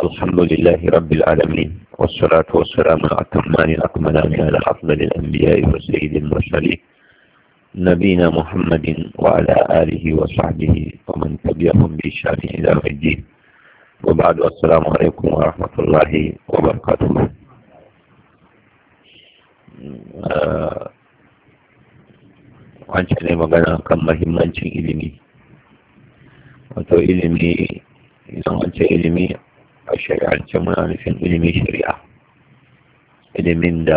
الحمد لله رب العالمين والصلاة والسلام على الأتمان الأكملان على أفضل الأنبياء وسيد المرسلين نبينا محمد وعلى آله وصحبه ومن تبعهم بإشان إلى يوم الدين وبعد السلام عليكم ورحمة الله وبركاته wancan ne magana kan mahimmancin ilimi wato ilimi idan wancan ilimi shari'ance muna nufin ilimin shari'a ilimin da